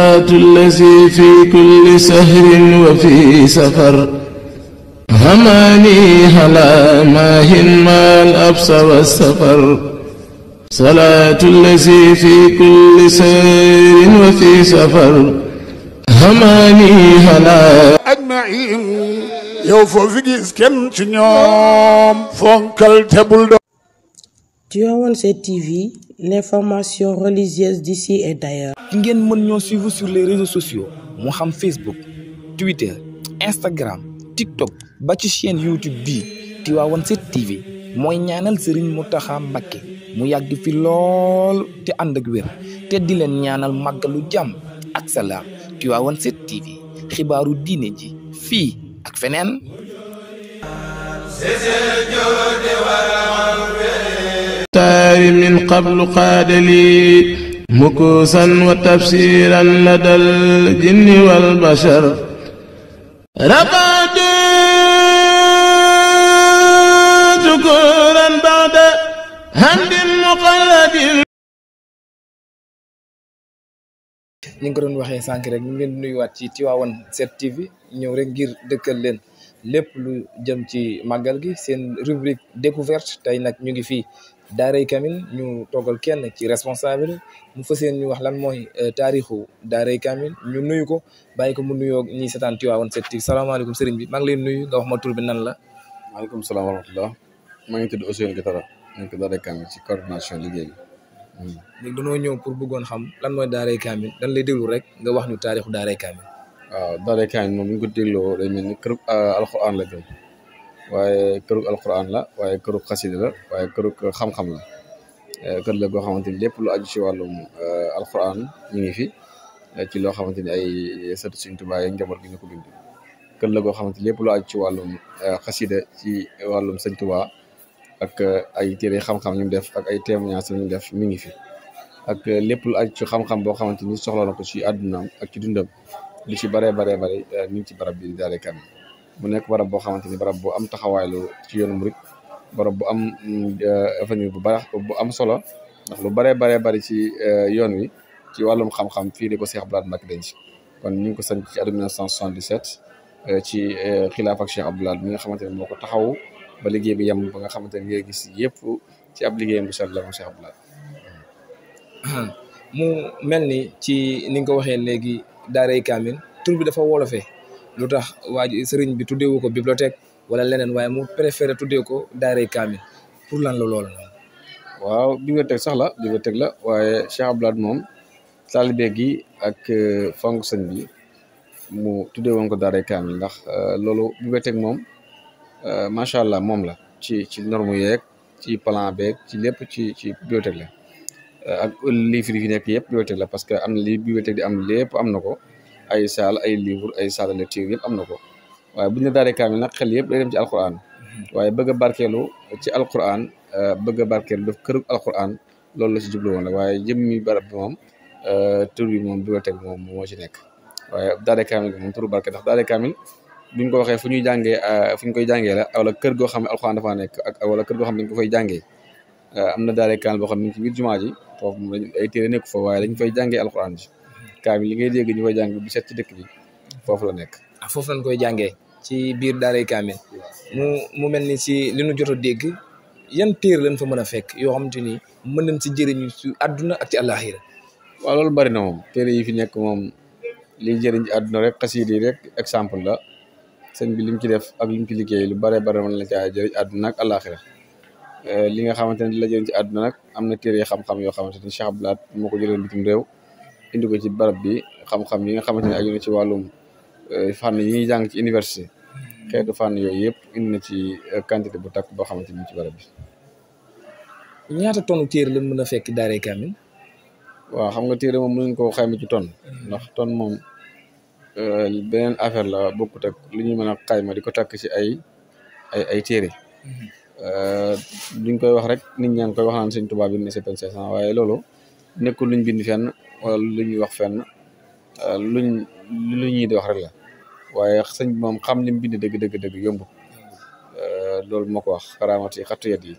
الذي في كل سهر وفي سفر هماني هلا ماهن هما الأبصى والسفر صلاة الذي في كل سهر وفي سفر هماني هلا أجمعين يوفو فيجيز كم تنيوم فون تبول Tivaouane tv l'information religieuse d'ici et d'ailleurs. ngeen mën ñoo suivre sur les réseaux sociaux moi xam Facebook Twitter Instagram TikTok ba ci chaîne YouTube bii Tivaouane 7TV mooy ñaanal Serigne Mountakha Mbacké mu yàgg fi lool te ànd ak wér te di leen ñaanal màggalu jàmm ak salaam Tivaouane 7TV xibaaru diine ji fii ak feneen. المختار من قبل قاد لي مكوسا وتفسيرا لدى الجن والبشر رقد ذكورا بعد هند مقلد ni nga ko doon waxee sànq rek ñu ngi leen nuyuwaat ci Tivaouane 7 TV ñëw rek ngir dëkkal leen lépp lu jëm ci màggal gi seen rubrique découverte tey nag ñu ngi fii daaray Kamil ñu toogal kenn ci responsable mu fa yéene ñu wax lan mooy euh, taarixu daaray Kamil ñu nuyu ko bàyyi ko mu nuyoo ñi seetaan Tivaouane 7TV salaamaaleykum sëriñ bi maa ngi leen nuyu nga wax ma tur nan la. maaleykum salaam wa rahmatulah maa ngi tudd Ousseynou Guitara nekk daaray ci coordination liggéey bi. léegi danoo ñëw pour bëggoon xam lan mooy daaray Kamil dañ lay déglu rek nga wax ñu taarixu daaray Kamil. waaw daare kañ moom mi ngi ko dégloo day mel ni kërug euh, alquran la jëm waaye kërug alquran la waaye kërug xasida la waaye kërug xam la kër la xamante ni lépp lu aju ci wàllum alquran ñu ngi fi ci loo xamante ni ay sët Sëriñ Tuubaa yi gi ñu ko bind kër la goo xamante ni lépp lu aju ci wàllum euh, euh, xasida ci wàllum Sëriñ Tuubaa ak ay téere xam-xam ñu def ak ay témoignage ñu def mi ngi fi ak lépp lu aju ci xam-xam boo xamante ni soxla na ko ci àddunaam ak ci dundam lu ci bëree baree bëri euh, ñu ngi ci barab bi daal kan mu nekk barab boo xamante ni barab bu am taxawaay lu ci yoonu murit barab bu am euh, avenir bu ko bu am solo ndax lu bëree baree bari ci euh, yoon wi ci wàllum xam-xam fii di ko Cheikh Abdoul Ahad Mbacké denc kon ñu ngi ko sanc ci atum 1977 ci xilaaf ak Cheikh Abdoul Ahad mi nga xamante ne moo ko taxaw ba liggéey bi yem ba nga xamante ne ngay gis yëpp ci ab liggéeyam bu sell la moom Cheikh Abdoul Ahad mu mel ni ci ko waxee léegi daaray kaamil tur bi dafa wolofee lu tax waa ji sëriñ bi tuddeewu ko bibliothèque wala leneen waaye mu préféré tuddee ko daaray kaamil pour lan la lool noonu waaw bibliothèque sax la bibliothèque la waaye Cheikh Abdoulaye moom taalibe gi ak euh, fonk sëñ bi mu tuddee woon ko daaray kaamil ndax euh, loolu bibliothèque moom euh, macha allah moom la ci ci norme yeeg ci plan beeg ci lépp ci ci bibliothèque la ak livre yi fi nekk yëpp bibliothèque la parce que am na li bibliothèque di am lépp am na ko ay saal ay livre ay salle de yëpp am na ko waaye bu ñu la daaree na nag yëpp day dem ci alquran waaye bëgg a barkeelu ci alquran euh, bëgg barkeelu def këru alquran loolu la si jublu woon la waaye jëmmi barab bi moom euh, tur bi moom moom moo ci nekk waaye daaree kaamil bi moom turu barke ndax daaree kaamil ko waxee fu ñuy jàngee euh, fu ñu koy jàngee la wala kër goo xam ne alquran dafa nekk ak wala kër goo xam ne ko fay jàngee am na daaree kaamil boo xam ne ci biir jumaa ji foofu moom lañ ay téere nekku fa waaye dañ fay jàngee alquran ji kaamil li ngay dégg ñu koy jàng bi set ci dëkk bi foofu la nekk ah foofu lañ koy jàngee ci biir daaray kaamil mu mu mel ni si li nu jot a dégg yan téer lañ fa mën a fekk yoo xamante ni mën nañ si jëriñu si àdduna ak ci àllaaxira waaw loolu bari na moom téere yi fi nekk moom liy jëriñ ci àdduna rek xasiid yi rek exemple la sëñ bi lim ci def ak lim ci liggéey lu bare bare mën la caa jëriñ àdduna ak àllaaxira Euh, li nga xamante ne la jëloon ci àdduna nag am na téere xam-xam yoo xamante ni Cheikh Abdoul Ahad moo ko jëloon bitim réew indi ko ci barab bi xam-xam yi nga xamante ne aju na ci wàllum euh, fànn yi ñuy jàng ci université xeetu fànn yooyu yëpp indi na ci euh, quantité bu takk boo xamante ni ci barab bi. ñaata ton téere lañ mën a fekk daaree kaamil. waaw xam nga téere moom mënuñ koo xayma ci ton hmm. ndax ton moom beneen affaire la bokkut ak lu ñuy mën a xayma di ko takk ci ay ay ay téere. Hmm. duñ eh, koy wax rek nit ñang koy wax naan sëñ Tuubaa bi ne c'est un cinq cent waaye loolu luñ bind fenn wala luñ wax fenn eh, luñ luñ di wax rek la waye sëñ mom xam lim bind deug deug deug yomb euh lolu ko wax karamati xattu yat yi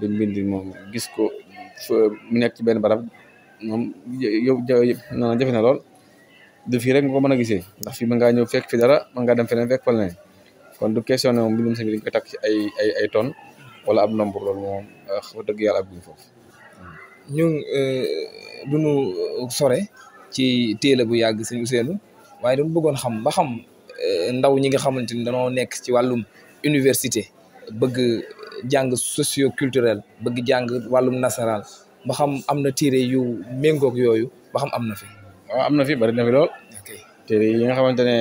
lim bind mom gis ko mu nek ci ben barab mom yow ya, ya, ya, nana na lool du fi rek nga ko mën gisee ndax fi mën ngaa fekk fi dara mën dem fenen fekk fa kon du question ne bindum bi dañ ci ay ay ay tonne wala ab nombre lool moom euh, wax dëgg yàlla ak guñ foofu. ñu euh, du sore ci téela bu yàgg sëñ Ousseynou waaye dañu bëggoon xam ba xam euh, ndaw ñi nga xamante ni dañoo nekk ci wàllum université bëgg jàng socioculturel bëgg jàng wàllum nasaraan ba xam am na téere yu méngoog yooyu ba xam am na fi. waaw na fi bari na fi lool. téere yi nga xamante ne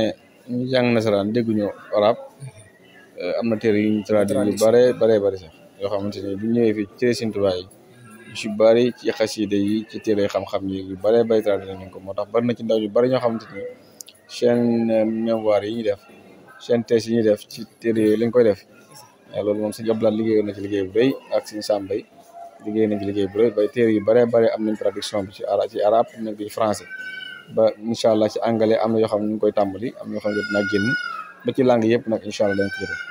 ñu jàng nasaraan dégguñu arab mhm. am na téere yu ñu traduit yu bare bare bari yo xamanteni bu ñëwé fi ci téere Sëriñ yi yu ci bari ci xasida yi ci téré xam-xam yi yu bari bari tra nañ ko motax tax na ci ndaw yu bari ño xamanteni seen euh, mémoire yi ñi def seen thèse yi ñi def ci téré yooyu lañ koy def loolu mom Sëriñ Abdu Lahat na ci liggéey bu reuy ak Sëriñ sambay liggéey na ci liggéey bu reuy bay téré yu bari bari am nañ traduction ci ci ci arab am bi français ba inshallah ci anglais am na yo xamni ñu koy tambali am yo xamni dina genn ba ci langue yépp nak inshallah dañ ko def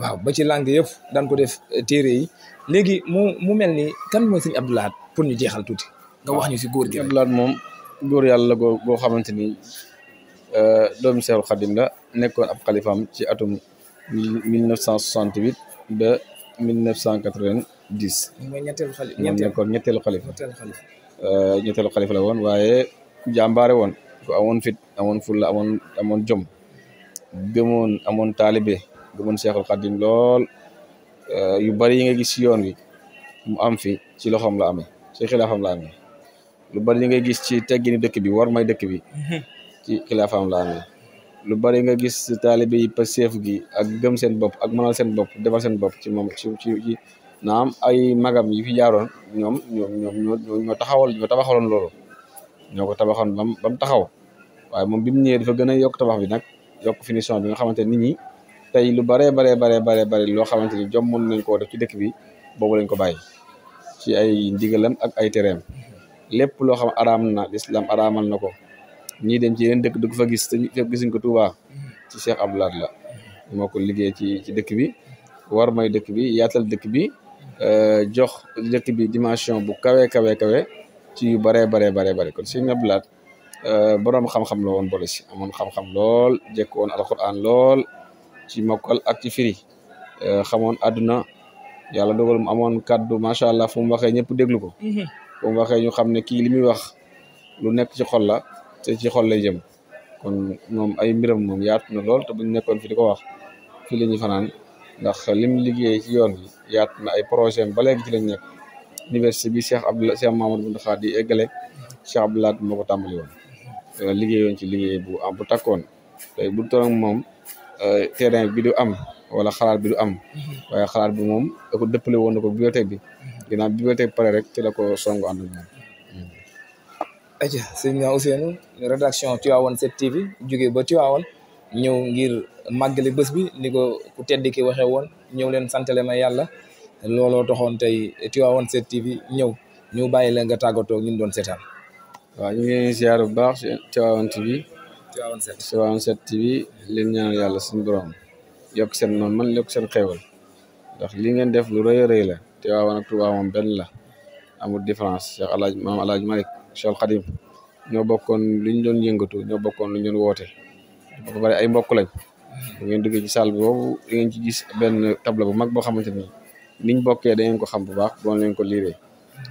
waaw ba ci langue yëpp daan ko def eh, téere yi léegi mu mu mel ni kan mooy sëñ Abdou pour ñu jeexal tuuti nga wax ñu si góor gi Abdou moom góor yàlla la goo goo xamante ni eh, doomu Seexul Xadim la nekkoon ab xalifaam ci atum 1968 ba 1990 mooy ñetteelu xalifa moom nekkoon ñetteelu xalifa eh, ñetteelu xalifa la woon waaye jàmbaare woon ko amoon fit amoon fulla amoon amoon jom gëmoon amoon taalibe gëmoon cheikhul xaddim lol eh, yu bari nga gis ci yoon wi mu am fi ci loxoom la amee ci khilafam la amee lu bari yi nga gis ci teggini dëkk bi war may dëkk bi mhm. ci khilafam la amee lu bari nga gis taalibe yi chef gi ak gëm sen ngom, ak ngom, sen ngom, defal sen ngom, ci ngom, ci ci naam ay magam yi fi jaaroon ñom ñom ñom ñoo ngom, taxawal ñoo tabaxalon ngom, ñoo ko ngom, bam bam taxaw waye ngom, ngom, ñëw ngom, dafa ngom, yok ngom, tabax bi ngom, yok finition bi nga xamanteni nit ñi tey lu baree baree baree baree bare loo xamante ni jom mën nañ koo def ci dëkk bi boobu lañ ko bàyyi ci ay ndigalam ak ay tereem lépp loo xam aram na lislaam araamal na ko ñii dem ci yeneen dëkk du ko fa gis te gisuñ ko Touba ci Cheikh Abdou Lahad la moo ko liggéey ci ci dëkk bi war may dëkk bi yaatal dëkk bi euh, jox dëkk bi dimension bu kawe kawe kawe ci yu baree baree baree bare kon Cheikh Abdou Lahad euh, boroom xam-xam la woon boole si amoon xam-xam lool jekk woon alquran lool ci mokkal ak ci firi eh, xamone aduna yalla dogal mu kaddu ma sha allah fu mu waxee ñëpp déglu ko mhm. fu mu waxee ñu xamne ki limi wax lu nekk ci xol la te ci xol lay jëm kon mom ay mbiram mom, yaat na lool te buñu nekkon fi diko wax fi liñu fanan ndax lim liggéey ci yoon yi yaatu na ay projet ba léegi ci lañ nekk université bi Cheikh abdou Cheikh Mamadou di egalé Cheikh abdou moo moko tambali won mhm. eh, liggéey yoon ci liggéey bu am bu takkon tay bu toog mom Euh, terrain bi du am wala xalaat bi du am mhm. waaye xalaat bi moom da ko dëppale woon na ko bibliothèque bi mhm. ginnaaw bibliothèque pare rek ci la ko songu ànd ak moom aja sëñ na Ousseynou rédaction Tivaouane 7TV jógee ba Tivaouane ñëw ngir màggali bés bi ni ko ku tedd ki waxee woon ñëw leen santale ma yàlla looloo taxoon tey Tivaouane 7TV ñëw ñu bàyyi la nga tàggatoo ñu doon seetaan waaw ñu ngi leen baax Tivaouane TV Tivaouane 7 TV leen ñaanal yàlla suñu borom yokk seen man man yokk seen xéewal ndax li ngeen def lu rëy a rëy la Tivaouane ak Touba moom benn la amul différence Cheikh alaaj maam alaaj Malick Cheikh ñoo bokkoon lu ñu doon yëngatu ñoo bokkoon lu ñu woote ba pare ay mbokk lañ bu ngeen duggee ci salle boobu di ngeen ci gis benn table bu mag boo xamante ni niñ bokkee da ngeen ko xam bu baax doon leen ko liiree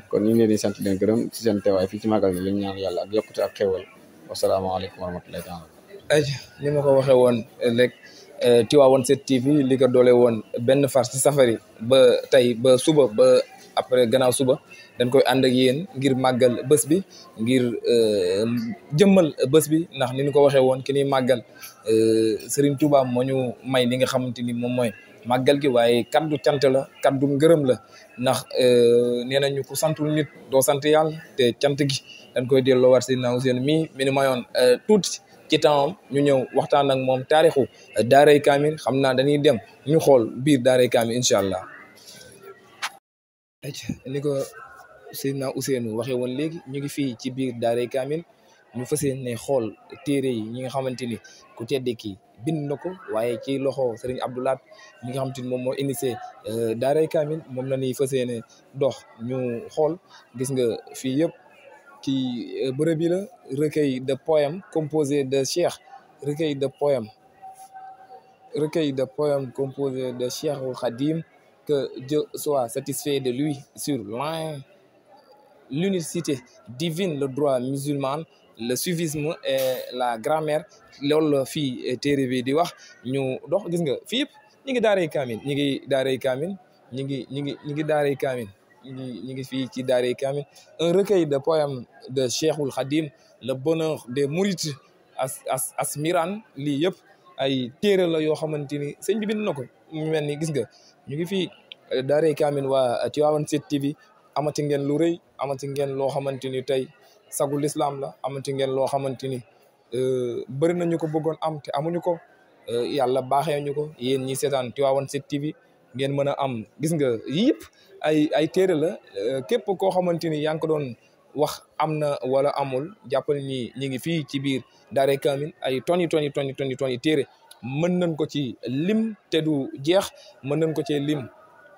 kon ñu leen di sant leen gërëm ci seen teewaay fii ci màggal gi leen ñaan yàlla ak yokkute ak xéewal Assalamualaikum warahmatullahi wabarakatuh. Aja, ay ni ma ko waxee woon eh, eh, tiwa won set tv li ko dole won ben far ci safari ba tay, ba suba ba après ganaw suba dañ koy and ak yeen ngir magal bëss bi ngir eh, jëmmal bëss bi ndax ni ni ko waxe won ki ni euh Serigne Touba moñu may li nga xamanteni mom moy màggal gi waaye kaddu cant la kaddu ngërëm la ndax euh, nee nañu ko santul nit doo sant yàlla te cant gi dañ koy delloowaat Seydina Ouseynou mii mi ni mayoon euh, tuuti ci tempsam ñu ñëw waxtaan ak moom taarixu euh, daaray kaamil xam naa dañuy dem ñu xool biir daaray kaamil incha allah ni ko Seydina Ouseynou waxee woon léegi ñu ngi fii ci biir daaray kaamil ñu fa yéene ne xool téere yi ñi nga xamante ni ku tedd kii bind na ko waaye ci loxo Serigne Abdou mi nga xam ni moom moo initié euh, daaray Kaamil moom la ñuy dox ñu xool gis nga fii yëpp ci euh, la recueil de poèmes composé de Cheikh recueil de poèmes recueil de poèmes composé de Cheikhul Khadim que Dieu soit satisfait de lui sur l'unicité divine le droit musulman le suivisme et la grammaire loolu la fii eh, téere bi di wax ñu dox gis nga fi yëpp ñi ngi daaré kamine ñi ngi daaré kamine ñi ngi ñi ngi ñi ngi daaray kaamin ñi ñi ngi fi ci daaré kamine un recueil de poèmes de Cheikhoul Khadim le bonheur des mourides as as as asmiran li yëpp ay téere la yo xamanteni ni sëñ bi bind na ko ñu mel gis nga ñi ngi fi eh, daaré kamine wa Tivaouane 7 TV amati ngeen lu reuy amati ngeen lo xamanteni tay sagu lislaam la amati ngeen loo xamante ni euh, bëri na ñu ko bëggoon am te amuñu ko euh, yàlla baaxee ñu ko yéen ñi seetaan Tivaouane 7TV ngeen mën a am gis nga yëpp ay ay téere la euh, képp koo xamante ni yaa ngi ko doon wax am na wala amul jàppal ni ñi ngi fii ci biir daare kaamil ay toni toni toni toni toni téere mën nañ ko ci lim te du jeex mën nañ ko ce lim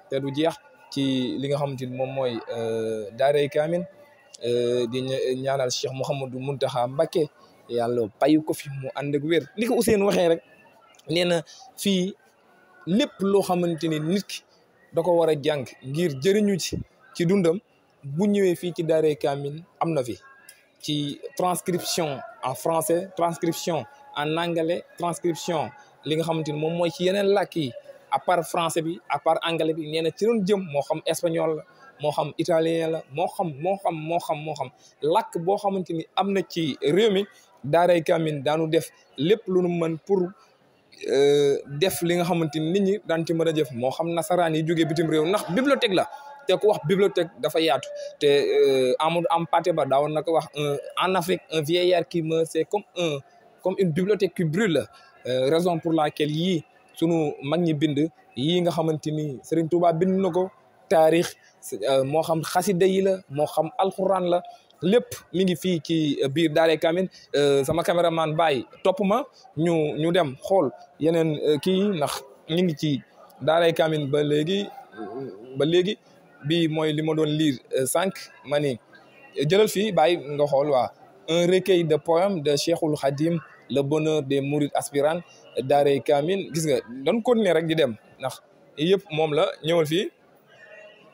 te du jeex ci li nga xamante ni moom mooy daaray kaamil Euh, di eh, ñaanal Cheikh Mouhamadou muntaha Mbacké yàlla payu ko fi mu and ak wér liko ko waxe rek neena na lepp lo xamanteni xamante ni nit ki da ko war ngir jeriñu ci ci dundam bu ñëwé fi ci daré kamine amna fi ci transcription en français transcription en anglais transcription li nga xamanteni mom moy ci yenen lakki à part français bi à part anglais bi neena na ci doon jëm mo xam espagnol la moo xam italien la moo xam moo xam moo xam moo xam lakk boo xamante ni am na ci réew mi daaray kamin daanu def lépp lu nu mën pour euh, def li nga xamante ni nit ñi daan ci mën a jëf moo xam nasaraan yi jógee bitim réew ndax bibliothèque la te ku wax bibliothèque dafa yaatu te euh, Amadou am pate ba daawoon na ko wax en Afrique un vieillard qui meurt c'est comme un comme une bibliothèque qui brûle euh, raison pour kel yii sunu mag ñi bind yii nga xamante ni Serigne Touba bind na ko taarix mo xam xasida yi la mo xam alquran la lépp mi ngi fi ci bir daré Kamil sama caméraman bay topuma ñu ñu dem xol yenen ki nax ñu ngi ci daré Kamil ba léegi ba léegi bi moy li ma doon lire sànq ma ni jëlal fii nga xol wa un recueil de poèmes de Cheikhul Khadim le bonheur des mourides aspirants daré Kamil gis nga ko ne rek di dem nax yëpp mom la ñëwal fi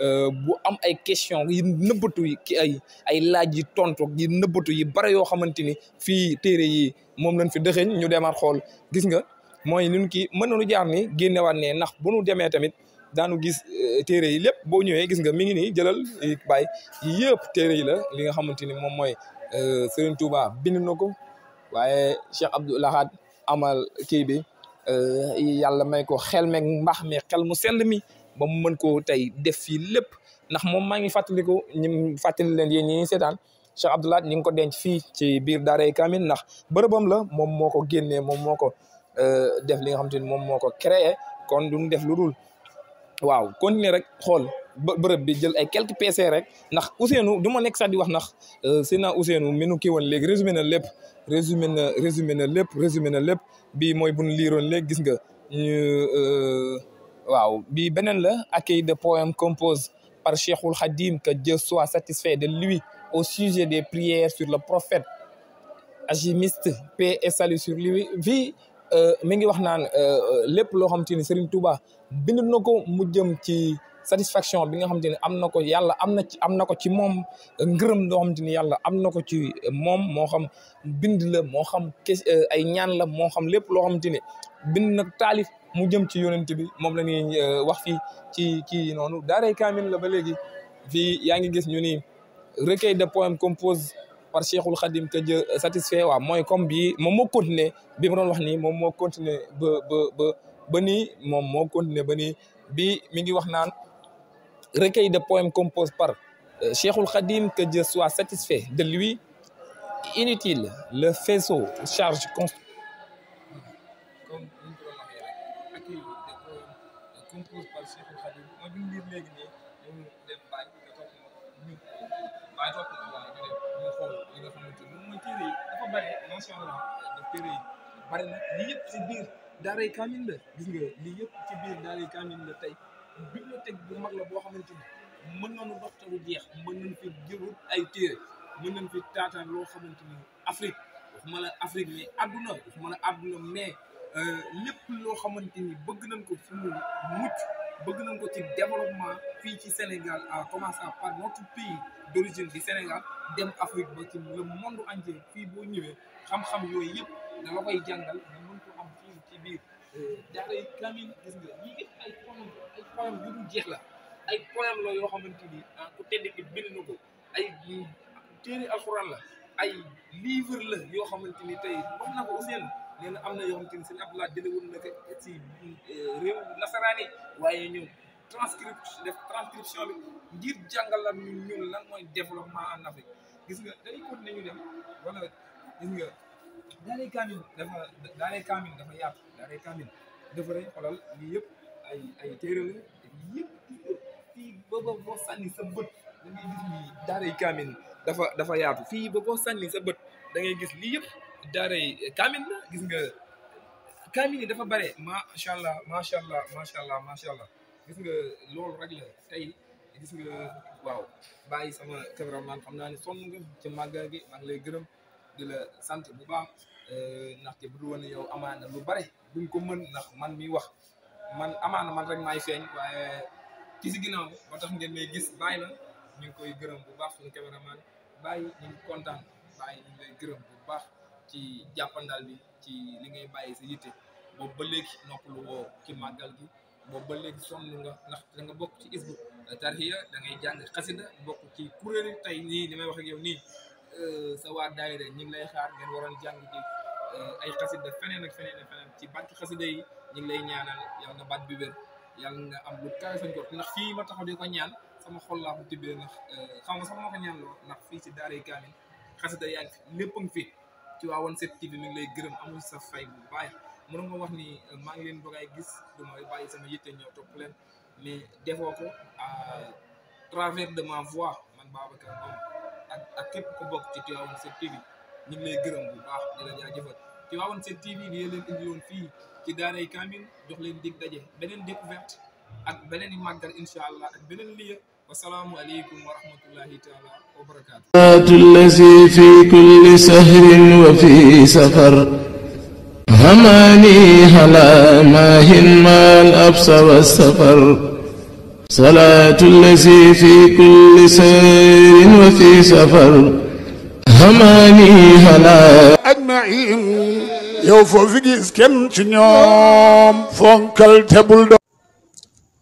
Euh, bu am ay question yi nëbbatu yi ki ay ay laaj yi tontu yi nëbbatu yi bare yoo xamante ni fii téere yi moom lañ fi dëxëñ ñu demaat xool gis nga mooy nun ki mën nañu jaar ni génnewaat ne ndax bu nu demee tamit daanu gis euh, téere yi lépp boo ñëwee gis nga mi ngi nii jëlal euh, bàyyi yëpp téere yi la li nga xamante ni moom mooy Serigne Touba bind na ko waaye Cheikh Abdou Lahad amal kii bi yàlla may ko xel meeg mbax mi xel mu sell mi ba mu mën koo tey def fii lépp ndax moom maa ngi fàttaliku ñu fàttali leen yéen ñi ñu seetaan Cheikh Abdou Lahad ñi ngi ko denc fii ci biir daaray Kamil ndax bërëbam la moom moo ko génnee moom moo ko euh, def li nga xam te ne moom moo ko créé kon duñ def lu dul waaw continuer rek xool ba bërëb bi jël ay quelques PC rek ndax Ousseynou du ma nekk sax di wax ndax euh, Seydina Ousseynou mi nu kii woon léegi résumé na lépp résumé na résumé na lépp résumé na lépp bii mooy bu liiroon léegi gis nga ñu. Euh, waaw bi beneen la accueil de poème compose par Cheikhul Khadim que Dieu soit satisfait de lui au sujet des prières sur le prophète agimiste paix et salut sur lui Vi euh, mi ngi wax naan euh, lépp loo xam te Serigne Touba bind na ko mu jëm ci satisfaction bi nga xam te ni am na ko yàlla am na ci am na ko ci moom ngërëm loo xam te ni yàlla am na ko ci moom moo xam bind la moo xam euh, ay ñaan la moo xam lépp loo xam te bind na taalif mu jëm ci yonent bi moom la ñuy euh, wax fi ci kii noonu daaray kaamil la ba legi fi yaa ngi gis ñu ni recueil de poèmes composé par Cheikhul Khadim que Dieu satisfait wa moy comme bi moom moo continuer bi mo don wax ni moom moo continuer ba ba ba ba nii moom moo continuer ba ni bi mi ngi wax naan recueil de poèmes composé par euh, Cheikhul Khadim que Dieu soit satisfait de lui inutile le faisceau charge const léegi nii ñu dem bàyyi nga nga xamante ni moom mooy dafa bëri macha allah daf téere yi yëpp ci biir daaray kaamil la gis nga lii yëpp ci biir daaray kaamil la tey bibliothèque bu mag la boo xamante ni mën nañu doxtalu jeex mën nañu fi jëlut ay téere mën nañ fi taataan loo xamante ni Afrique waxuma la Afrique mais àdduna waxuma la àdduna euh, lépp loo xamante ni bëgg nañ ko fi mu bëgg nañ ko ci développement fii ci Sénégal à commencer par notre pays d'origine di Sénégal dem Afrique ba ci le monde entier fii boo ñëwee xam-xam yooyu yëpp da la koy jàngal ñu mën am fii ci biir euh, daara yi kamil gis nga ñii ay poème la ay yoo xamante ni ah ku tedd ki bind na ko ay téere alxuraan la ay livre la yoo xamante ni tey wax na ko Ousseynou nee am na yoo si ni seen Abdoulaye jëlee woon na ko ci euh, réew nasaraan yi waaye ñun transcription ngir jàngalal ñun ñun lan mooy développement en Afrique gis nga dañuy continuer ñu dem wala gis nga daaray kaamil dafa dafa yaatu daaray kaamil dafa rey yëpp ay ay téere sa bët da ngay dafa dafa yaatu fi ba boo sànni sa bët da gis lii yëpp daaray eh, kaamil la gis nga kaamil yi dafa bare macha allah macha allah macha allah macha allah gis nga loolu rek la tey nga waaw bàyyi sama cameraman xam naa ni sonn nga ci màggal gi lay gërëm di la sant bu baax eh, ndaxte bu dul woon yow amaana lu bare duñ ko mën ndax man mi wax man amaana man rek maay feeñ waaye ki si ginnaaw ba tax ngeen may gis bàyyi na ñu koy gërëm bu baax suñu cameraman bàyyi ñu ngi kontaan bàyyi ñu gërëm bu baax. ci jappandal bi ci li ngay baye sa yitte bo ba léegi noppalu wo ci magal gi bo ba légui sonn nga ndax da nga bok ci isbu tarhiya da ngay jang xasida bok ci kuréeli tay ni li wax ak yow nii euh, sa wa daayira ñi ngi lay xaar ngeen waron jang ci euh, ay xasida feneen ak feneen feneen ci bank xasida yi ñi ngi lay ñaanal yàlla nga bat bi wër yàlla nga am lu kawe sa njort ndax fi ma taxaw di ko ñaan sama xol la ko tibé ndax euh, xam nga sama ma ko ñaan lo ndax fi ci daara kamil khassida yaak yaa fi lépp ngi fi Tivaouane 7TV mi ngi lay gërëm amul sa fay bu baax mënu nga wax ni euh, maa ngi leen bëgg a gis du may bàyyi sama yitte ñëw topp leen mais defoo ko à travers de ma voix man Babacar Ngom ak ak képp ku bokk ci Tivaouane 7TV ñu ngi lay gërëm bu baax di la jaajëfal Tivaouane 7TV di leen indiloon fii ci daaray Kamil jox leen dig daje beneen découverte ak beneen màggal incha allah ak beneen lieu. والسلام عليكم ورحمة الله تعالى وبركاته الذي في كل سهر وفي سفر هماني هلا ماهن ما الأبس والسفر صلاة الذي في كل سير وفي سفر هماني هلا أجمعين yow foo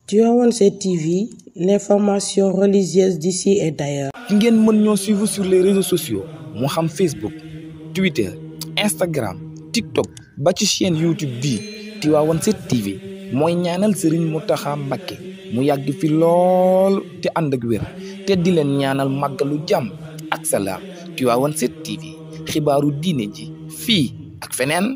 Tivaouane tv l'information religieuse d'ici et d'ailleurs. ngeen mën ñoo suivre sur les réseaux sociaux mo xam Facebook Twitter Instagram TikTok ba ci chaîne YouTube TV. Tivaouane tv mooy ñaanal Serigne Mountakha Mbacké mu yàgg fi lool te ànd ak wér te di leen ñaanal màggalu jàmm ak salaam Tivaouane tv xibaaru diine ji fii ak feneen.